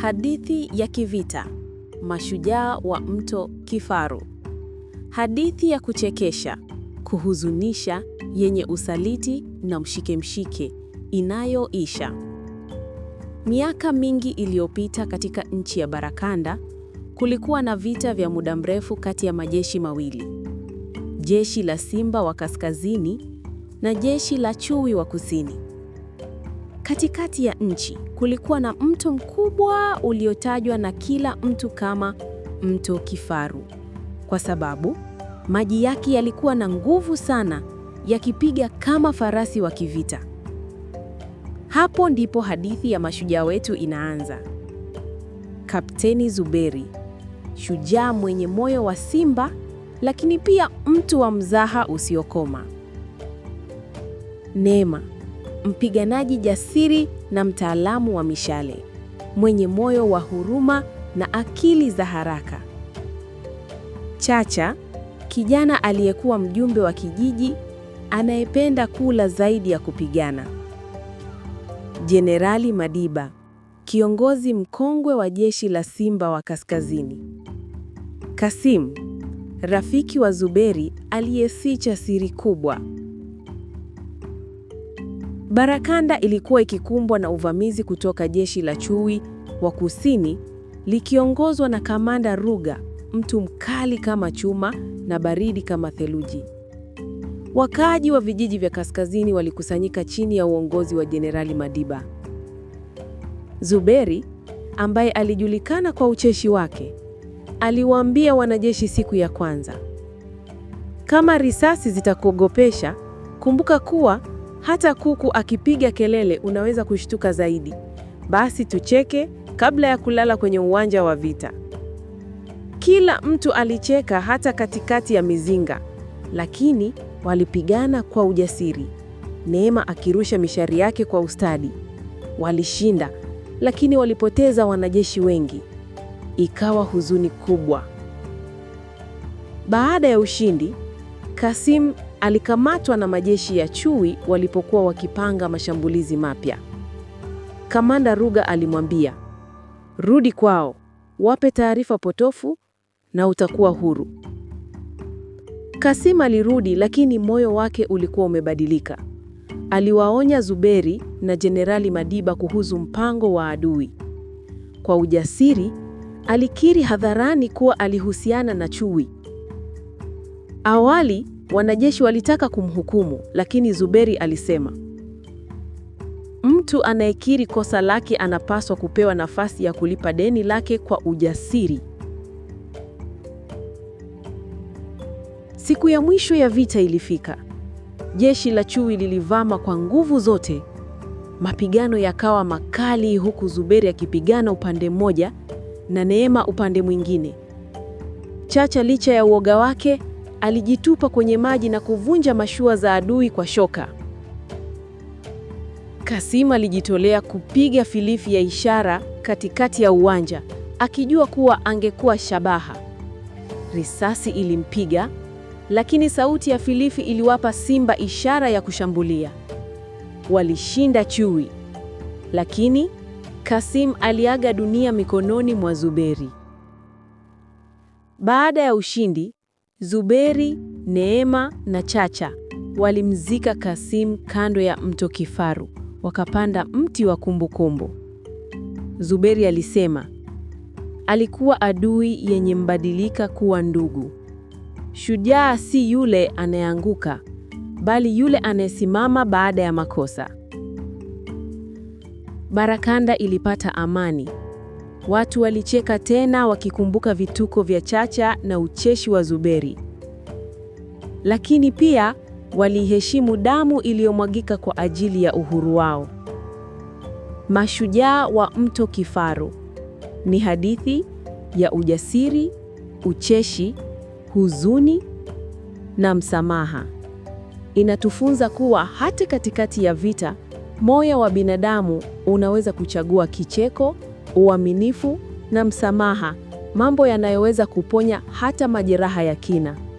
Hadithi ya kivita, mashujaa wa mto Kifaru. Hadithi ya kuchekesha, kuhuzunisha, yenye usaliti na mshike mshike, inayoisha. Miaka mingi iliyopita katika nchi ya Barakanda, kulikuwa na vita vya muda mrefu kati ya majeshi mawili. Jeshi la Simba wa Kaskazini na jeshi la Chui wa Kusini. Katikati ya nchi kulikuwa na mto mkubwa uliotajwa na kila mtu kama Mto Kifaru kwa sababu maji yake yalikuwa na nguvu sana, yakipiga kama farasi wa kivita. Hapo ndipo hadithi ya mashujaa wetu inaanza. Kapteni Zuberi, shujaa mwenye moyo wa simba, lakini pia mtu wa mzaha usiokoma. Neema mpiganaji jasiri na mtaalamu wa mishale, mwenye moyo wa huruma na akili za haraka. Chacha, kijana aliyekuwa mjumbe wa kijiji anayependa kula zaidi ya kupigana. Jenerali Madiba, kiongozi mkongwe wa jeshi la Simba wa Kaskazini. Kasim, rafiki wa Zuberi aliyeficha siri kubwa. Barakanda ilikuwa ikikumbwa na uvamizi kutoka jeshi la chui wa kusini likiongozwa na kamanda Ruga, mtu mkali kama chuma na baridi kama theluji. Wakaaji wa vijiji vya kaskazini walikusanyika chini ya uongozi wa Jenerali Madiba. Zuberi, ambaye alijulikana kwa ucheshi wake, aliwaambia wanajeshi siku ya kwanza, kama risasi zitakuogopesha, kumbuka kuwa hata kuku akipiga kelele unaweza kushtuka zaidi. Basi tucheke kabla ya kulala kwenye uwanja wa vita. Kila mtu alicheka hata katikati ya mizinga, lakini walipigana kwa ujasiri. Neema akirusha mishari yake kwa ustadi. Walishinda, lakini walipoteza wanajeshi wengi. Ikawa huzuni kubwa. Baada ya ushindi, Kasim Alikamatwa na majeshi ya chui walipokuwa wakipanga mashambulizi mapya. Kamanda Ruga alimwambia, rudi kwao, wape taarifa potofu na utakuwa huru. Kasim alirudi, lakini moyo wake ulikuwa umebadilika. Aliwaonya Zuberi na Jenerali Madiba kuhusu mpango wa adui. Kwa ujasiri, alikiri hadharani kuwa alihusiana na chui. Awali Wanajeshi walitaka kumhukumu, lakini Zuberi alisema, mtu anayekiri kosa lake anapaswa kupewa nafasi ya kulipa deni lake kwa ujasiri. Siku ya mwisho ya vita ilifika. Jeshi la chui lilivama kwa nguvu zote. Mapigano yakawa makali, huku Zuberi akipigana upande mmoja na Neema upande mwingine. Chacha, licha ya uoga wake, alijitupa kwenye maji na kuvunja mashua za adui kwa shoka. Kassim alijitolea kupiga filifi ya ishara katikati ya uwanja, akijua kuwa angekuwa shabaha. Risasi ilimpiga, lakini sauti ya filifi iliwapa simba ishara ya kushambulia. Walishinda chui, lakini Kasim aliaga dunia mikononi mwa Zuberi. Baada ya ushindi, Zuberi, Neema na Chacha walimzika Kasim kando ya mto Kifaru, wakapanda mti wa kumbukumbu. Zuberi alisema alikuwa adui yenye mbadilika kuwa ndugu. Shujaa si yule anayeanguka, bali yule anayesimama baada ya makosa. Barakanda ilipata amani. Watu walicheka tena wakikumbuka vituko vya Chacha na ucheshi wa Zuberi. Lakini pia waliheshimu damu iliyomwagika kwa ajili ya uhuru wao. Mashujaa wa Mto Kifaru ni hadithi ya ujasiri, ucheshi, huzuni na msamaha. Inatufunza kuwa hata katikati ya vita, moyo wa binadamu unaweza kuchagua kicheko uaminifu na msamaha, mambo yanayoweza kuponya hata majeraha ya kina.